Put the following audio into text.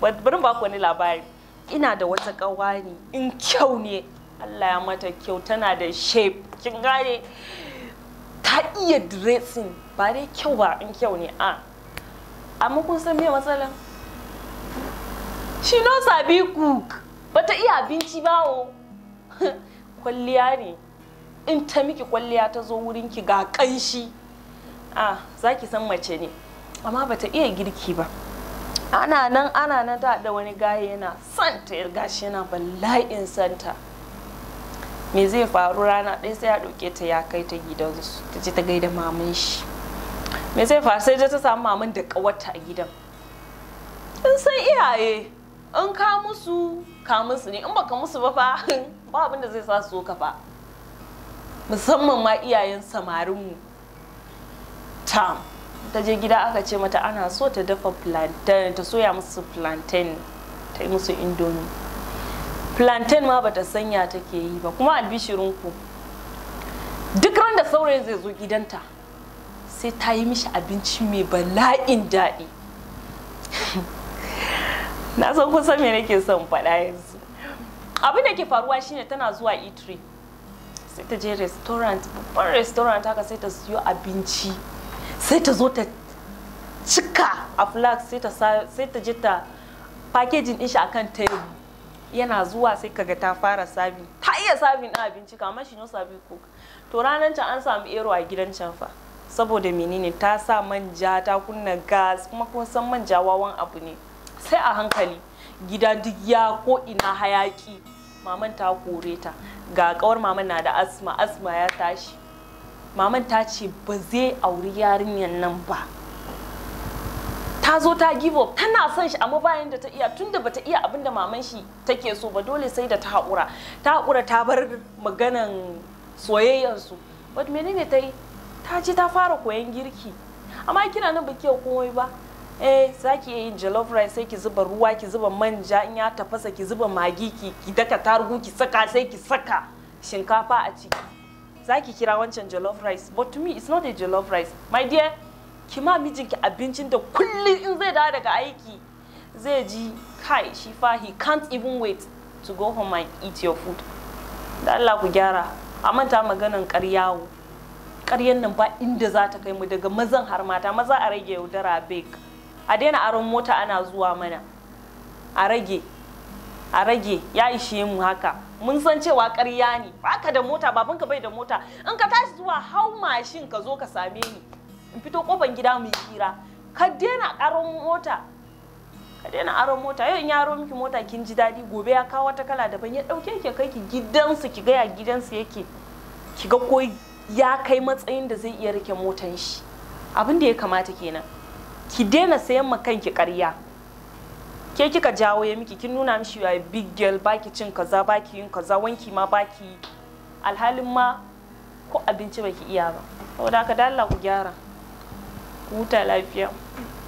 bari ba ku wani labari ina da wata ne in kyau ne Allah ya mata kyau tana da shape kin gane ta iya dressing ba dai kyau ba in kyau ne a ah. amma kun san me matsala shi no sabi cook bata iya abinci ba o kwalliya ne in ta miki kwalliya ta zo wurin ah, ki ga kanshi a zaki san mace ne amma bata iya girki ba ana nan ana nan ta da wani gaye yana santa ya gashi yana bala'in santa me zai faru rana ɗaya sai ya ɗauke ta ya kai ta gidansu ta ce ta gaida mamun shi me zai faru sai ta samu mamun da ƙawarta a gidan in san iyaye in ka musu ka musu ne in baka musu ba fa ba abin da zai sa su ka fa musamman ma iyayen samarinmu tam ta je gida aka ce mata ana so ta dafa plantain ta soya musu plantain ta yi musu indomie plantain ma bata sanya take yi ba kuma ku. duk ran da saurayin zai zo gidanta sai ta yi mishi abinci mai bala'in daɗi na san kusan me nake son faɗa yanzu abin da ke faruwa shine tana zuwa eatery sai ta je restaurant babban restaurant haka sai ta siyo abinci sai ta zo ta cika a flag sai ta sai je ta packaging din shi akan table yana zuwa sai kaga ta fara sabi ta iya sabin na abinci kamar shi no sabi cook to ranar can an samu ero a gidan can fa saboda menene ta sa manja ta kunna gas kuma kun san manja wawan abu ne sai a hankali gida duk ya ko ina hayaki maman ta kore ta ga kawar maman na da asma asma ya tashi maman ta ce ba zai auri yarinyar nan ba ta zo ta give up tana son shi amma bayan da ta iya tunda bata iya abin da maman shi take so ba dole sai da ta haƙura ta haƙura ta bar maganan soyayyar su but menene ta yi ta ce ta fara koyan girki amma kina nan baki komai ba eh zaki ki yin jollof rice sai ki zuba ruwa ki zuba manja in ya tafasa ki zuba magi ki daka tarugu ki saka sai ki saka shinkafa a ciki zaki kira wancan jollof rice but to me it's not a jollof rice my dear ki ma mijinki abincin da kullum in zai dawo daga aiki zai ji kai shi fa he can't even wait to go home and eat your food da Allah ku gyara a manta maganan ƙaryawo, ƙaryan nan ba inda za ta kai mu daga mazan har mata maza a rage yaudara bake a daina aron mota ana zuwa mana a rage a rage ya ishe mu haka mun san cewa karya ne baka da mota babanka bai da mota in ka tashi zuwa hau mashin ka zo ka same ni in fito kofan gida mu yi hira ka daina aron mota ka daina aron mota yau in ya aro miki mota kin ji daɗi gobe ya kawo wata kala daban ya ɗauke ki kai ki gidansu ki gaya gidansu yake ki ga ko ya kai matsayin da zai iya rike motan shi abin da ya kamata kenan ki daina sayan ma kanki karya. ke kika jawo ya miki kin nuna mishi ya big girl baki cin kaza baki yin kaza wanki ma baki alhalin ma ko abinci baki iya ba saboda haka dalla ku gyara ku huta lafiya